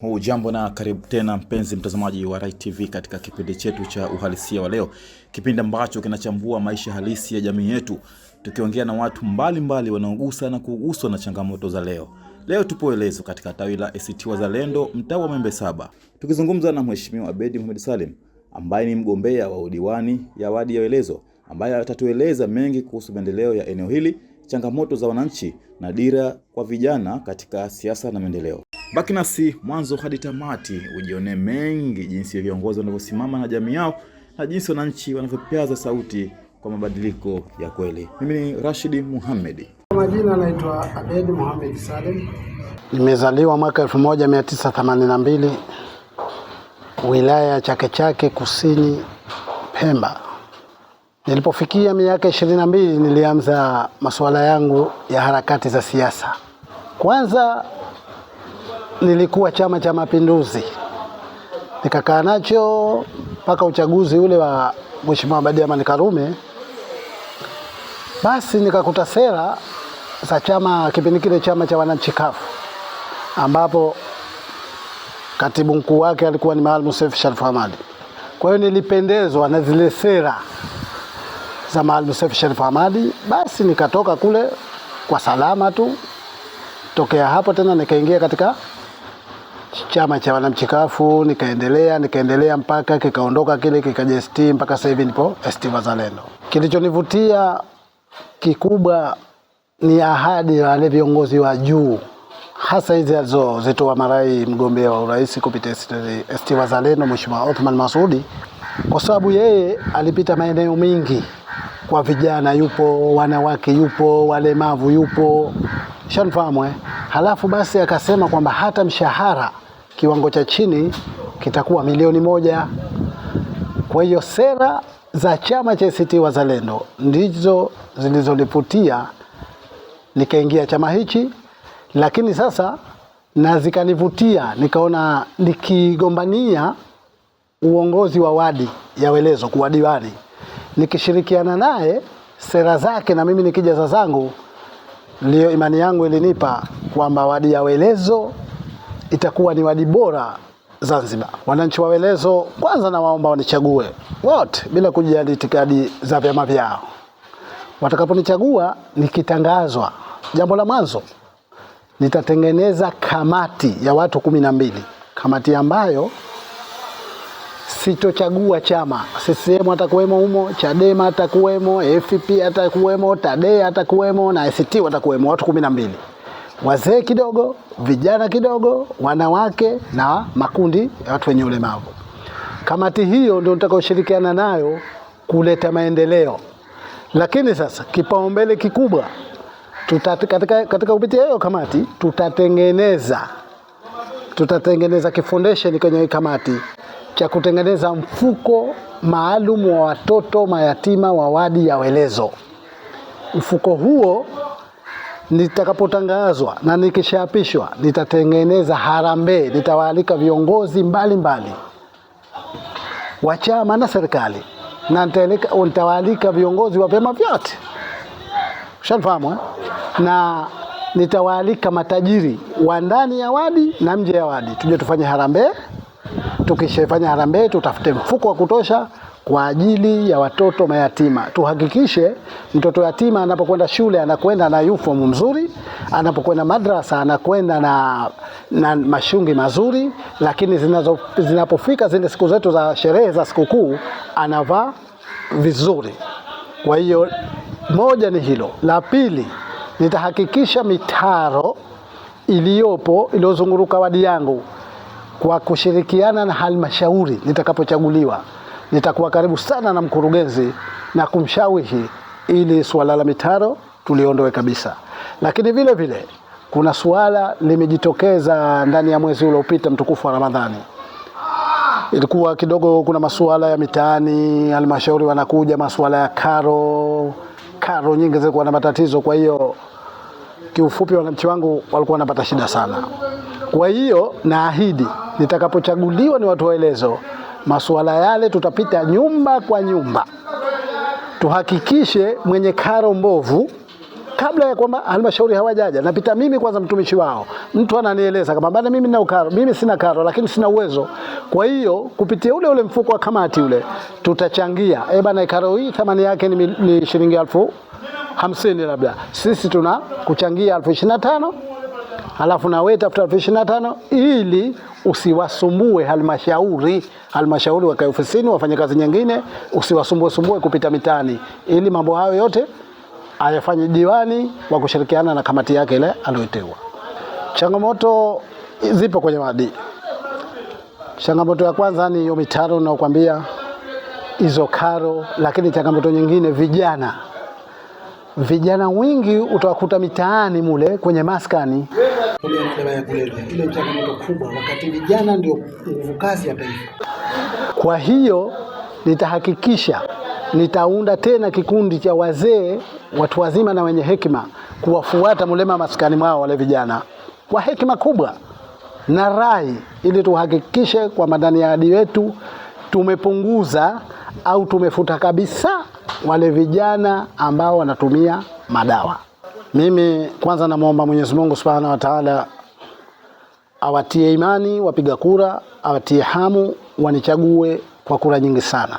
Hujambo na karibu tena mpenzi mtazamaji wa Rai TV katika kipindi chetu cha uhalisia wa leo, kipindi ambacho kinachambua maisha halisi ya jamii yetu, tukiongea na watu mbalimbali wanaogusa na kuguswa na changamoto za leo. Leo tupo Elezo katika tawi la ACT Wazalendo mtaa wa Membe Saba, tukizungumza na Mheshimiwa Abedi Mohamed Salim ambaye ni mgombea wa udiwani ya wadi ya Elezo, ambaye atatueleza mengi kuhusu maendeleo ya eneo hili changamoto za wananchi na dira kwa vijana katika siasa na maendeleo. Baki nasi mwanzo hadi tamati ujione mengi jinsi viongozi wanavyosimama na jamii yao na jinsi wananchi wanavyopaza sauti kwa mabadiliko ya kweli. Mimi ni Rashidi Muhammad. Majina anaitwa Abed Muhammad Salim. Nimezaliwa mwaka 1982 wilaya ya Chake Chake Kusini Pemba. Nilipofikia miaka ishirini na mbili nilianza masuala yangu ya harakati za siasa. Kwanza nilikuwa Chama cha Mapinduzi, nikakaa nacho mpaka uchaguzi ule wa Mheshimiwa Abeid Amani Karume. Basi nikakuta sera za chama kipindi kile, chama cha wananchi kafu, ambapo katibu mkuu wake alikuwa ni Maalim Seif Sharif Hamad. Kwa hiyo nilipendezwa na zile sera za Maalim Seif Sharif Hamad. Basi nikatoka kule kwa salama tu. Tokea hapo tena nikaingia katika chama cha wananchi Kafu, nikaendelea nikaendelea mpaka kikaondoka kile kikajst, mpaka sasa hivi nipo ST Wazalendo. Kilichonivutia kikubwa ni ahadi ya wale viongozi wa juu, hasa hizi alizozitoa marai mgombea wa urais kupitia ST Wazalendo, Mheshimiwa Othman Masudi, kwa sababu yeye alipita maeneo mengi kwa vijana yupo, wanawake yupo, walemavu yupo, shanfahamu eh? Halafu basi akasema kwamba hata mshahara kiwango cha chini kitakuwa milioni moja. Kwa hiyo sera za chama cha ACT Wazalendo ndizo zilizoliputia nikaingia chama hichi, lakini sasa na zikanivutia nikaona nikigombania uongozi wa wadi ya Welezo kuwa diwani nikishirikiana naye sera zake na mimi za zangu, ndiyo imani yangu ilinipa kwamba wadi ya Welezo itakuwa ni wadi bora Zanzibar. Wananchi wa Welezo kwanza, na waomba wanichague wote bila kujali itikadi za vyama vyao. Watakaponichagua nikitangazwa, jambo la mwanzo nitatengeneza kamati ya watu kumi na mbili, kamati ambayo sitochagua chama. CCM atakuwemo humo, Chadema atakuwemo, FP atakuwemo, Tade atakuwemo na ACT watakuwemo, watu kumi na mbili, wazee kidogo, vijana kidogo, wanawake na makundi ya watu wenye ulemavu. Kamati hiyo ndio nitakayoshirikiana nayo kuleta maendeleo, lakini sasa kipaumbele kikubwa tuta, katika, katika kupitia hiyo kamati tutatengeneza tutatengeneza kifundesheni kwenye kamati cha kutengeneza mfuko maalum wa watoto mayatima wa wadi ya Welezo. Mfuko huo nitakapotangazwa na nikishaapishwa, nitatengeneza harambee, nitawaalika viongozi mbalimbali wa chama na serikali, na nitawaalika viongozi wa vyama vyote, shanifahamu eh? na nitawaalika matajiri wa ndani ya wadi na nje ya wadi, tuje tufanye harambee tukishafanya harambee, tutafute mfuko wa kutosha kwa ajili ya watoto mayatima. Tuhakikishe mtoto yatima anapokwenda shule anakwenda na uniform mzuri, anapokwenda madrasa anakwenda na, na mashungi mazuri, lakini zinazo, zinapofika zile siku zetu za sherehe za sikukuu anavaa vizuri. Kwa hiyo moja ni hilo. La pili, nitahakikisha mitaro iliyopo iliyozunguruka wadi yangu kwa kushirikiana na halmashauri nitakapochaguliwa, nitakuwa karibu sana na mkurugenzi na kumshawishi ili suala la mitaro tuliondoe kabisa. Lakini vile vile kuna suala limejitokeza ndani ya mwezi uliopita mtukufu wa Ramadhani. Ilikuwa kidogo kuna masuala ya mitaani, halmashauri wanakuja masuala ya karo, karo nyingi zilikuwa na matatizo. Kwa hiyo kiufupi, wananchi wangu walikuwa wanapata shida sana. Kwa hiyo naahidi nitakapochaguliwa ni watu waelezo masuala yale, tutapita nyumba kwa nyumba, tuhakikishe mwenye karo mbovu kabla ya kwamba halmashauri hawajaja, napita mimi kwanza, mtumishi wao. Mtu ananieleza kama bana, mimi nina ukaro, mimi sina karo, lakini sina uwezo. Kwa hiyo kupitia ule ule mfuko wa kamati ule tutachangia, eh bana, karo hii thamani yake ni, ni shilingi elfu hamsini, labda sisi tuna kuchangia elfu ishirini na tano halafu na wewe tafuta elfu ishirini na tano ili usiwasumbue halmashauri. Halmashauri wakae ofisini wafanye kazi nyingine, usiwasumbue sumbue kupita mitaani, ili mambo hayo yote ayafanye diwani wa kushirikiana na kamati yake ile aliyoteua. Changamoto zipo kwenye wadi. Changamoto ya kwanza ni hiyo mitaro naokwambia, hizo karo, lakini changamoto nyingine vijana vijana wengi utawakuta mitaani mule kwenye maskani ile changamoto kubwa, wakati vijana ndio nguvu kazi ya taifa. Kwa hiyo nitahakikisha nitaunda tena kikundi cha wazee watu wazima na wenye hekima kuwafuata mulema maskani mwao wale vijana kwa hekima kubwa na rai, ili tuhakikishe kwamba ndani ya hadi yetu tumepunguza au tumefuta kabisa wale vijana ambao wanatumia madawa. Mimi kwanza namwomba Mwenyezi Mungu Subhanahu wa Ta'ala awatie imani wapiga kura, awatie hamu, wanichague kwa kura nyingi sana.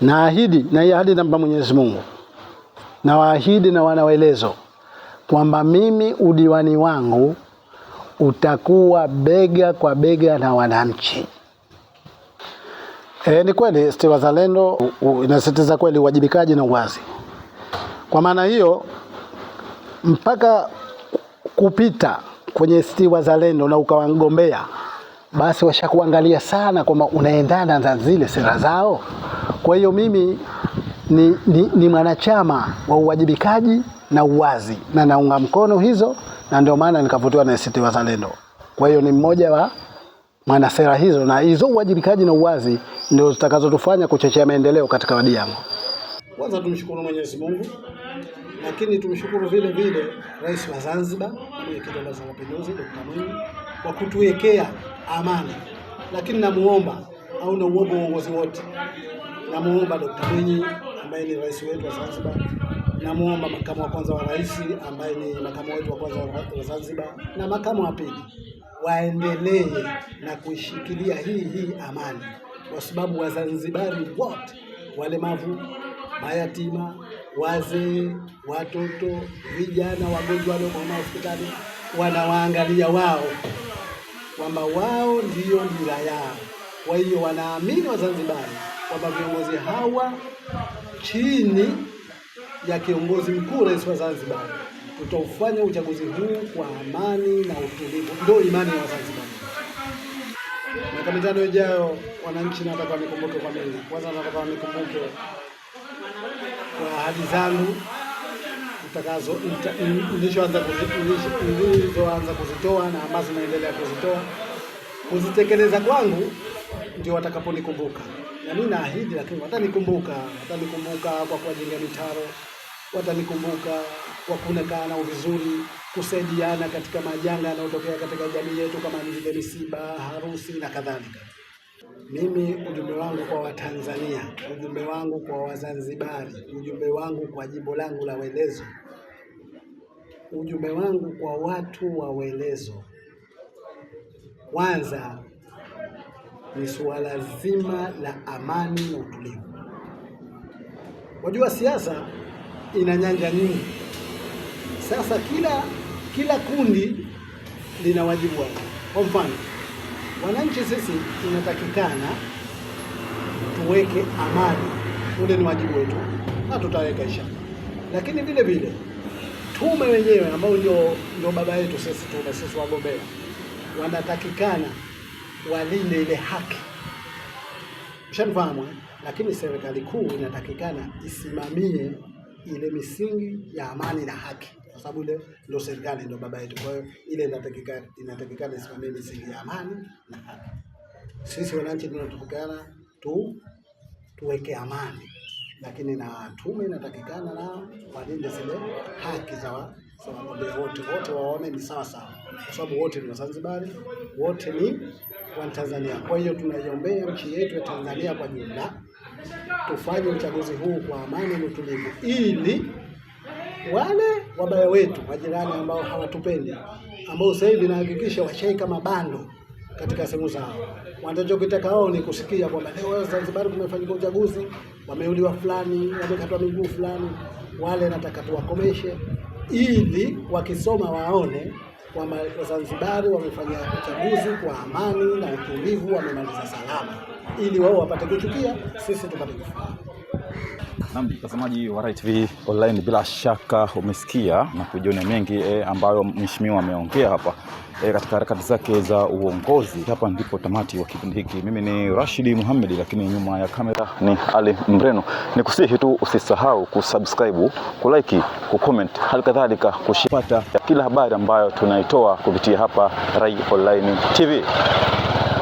Naahidi na hii ahadi namba Mwenyezi Mungu, nawaahidi na wanawaelezo kwamba mimi udiwani wangu utakuwa bega kwa bega na wananchi. E, ni kweli ACT Wazalendo inasisitiza kweli uwajibikaji na uwazi. Kwa maana hiyo mpaka kupita kwenye ACT Wazalendo na ukawangombea basi washakuangalia sana kwamba unaendana na zile sera zao. Kwa hiyo mimi ni, ni, ni mwanachama wa uwajibikaji na uwazi na naunga mkono hizo, na ndio maana nikavutiwa na ACT Wazalendo. Kwa hiyo ni mmoja wa mwanasera hizo na hizo uwajibikaji na uwazi ndio zitakazotufanya kuchochea maendeleo katika wadi yangu. Kwanza tumshukuru Mwenyezi Mungu, lakini tumshukuru vile vile Rais wa Zanzibar na Mwenyekiti wa Baraza la Mapinduzi Dkt. Mwinyi kwa kutuwekea amani, lakini namuomba au uombo uongozi wote, namuomba Dkt. Mwinyi ambaye ni rais wetu wa Zanzibar, namuomba makamu wa kwanza wa rais ambaye ni makamu wetu wa kwanza wa Zanzibar na makamu wa pili waendelee na kuishikilia hii hii amani kwa sababu Wazanzibari wote walemavu, mayatima, wazee, watoto, vijana, wagonjwa mama hospitali wanawaangalia wao kwamba wao ndiyo dira yao. Kwa hiyo wanaamini Wazanzibari kwamba viongozi hawa chini ya kiongozi mkuu, rais wa Zanzibar, tutaufanya uchaguzi huu kwa amani na utulivu. Ndio imani ya Wazanzibari. Miaka mitano ijayo, wananchi nataka nikumbuke kwa nini? Kwanza nataka nikumbuke kwa ahadi zangu utakazo nilishoanza nilizoanza kuzitoa na ambazo naendelea kuzitoa, kuzitekeleza kwangu ndio watakaponikumbuka. Na mimi naahidi, lakini watanikumbuka, watanikumbuka kwa kuwajenga mitaro, watanikumbuka kwa kuonekana nao vizuri, kusaidiana katika majanga yanayotokea katika jamii yetu kama vile misiba, harusi na kadhalika. Mimi ujumbe wangu kwa Watanzania, ujumbe wangu kwa Wazanzibari, ujumbe wangu kwa jimbo langu la Welezo, ujumbe wangu kwa watu wa Welezo, kwanza ni suala zima la amani na utulivu. Wajua siasa ina nyanja nyingi. Sasa kila kila kundi lina wajibu wake. Kwa mfano, wananchi sisi tunatakikana tuweke amani, ule ni wajibu wetu na tutaweka inshallah, lakini vile vile tume wenyewe ambao ndio ndio baba yetu sisi, tume sisi wagombea wanatakikana walinde ile haki, mshanifahamu. Eh? Lakini serikali kuu inatakikana isimamie ile misingi ya amani na haki kwa sababu ile ndio serikali ndio baba yetu. Kwa hiyo ile inatakikana inatakikana isimamie misingi ya amani na haki. Sisi wananchi tunatakikana tu tuweke amani, lakini na tume inatakikana na walinde zile haki za wagombea wote, wote waone ni sawa sawa, kwa sababu wote ni Wazanzibari, wote ni Watanzania. Kwa hiyo tunaiombea nchi yetu ya Tanzania kwa jumla, tufanye uchaguzi huu kwa amani na utulivu, ili wale wabaya wetu, majirani ambao hawatupendi, ambao sasa hivi nahakikisha washaika mabando katika sehemu zao. Wanachokitaka wao ni kusikia kwamba leo Zanzibar kumefanyika uchaguzi, wameuliwa fulani, wamekatwa miguu fulani. Wale nataka tuwakomeshe, ili wakisoma waone kwamba Wazanzibari wamefanya uchaguzi kwa amani na utulivu, wamemaliza salama, ili wao wapate kuchukia, sisi tupate kufurahi. Mtazamaji wa Rai TV online, bila shaka umesikia na kujionea mengi e, ambayo mheshimiwa ameongea hapa e, katika harakati zake za uongozi. Hapa ndipo tamati wa kipindi hiki. Mimi ni Rashidi Muhamedi, lakini nyuma ya kamera ni Ali Mreno. Nikusihi tu usisahau kusubscribe, kulike, kucomment, hali kadhalika kushipata kila habari ambayo tunaitoa kupitia hapa Rai online TV.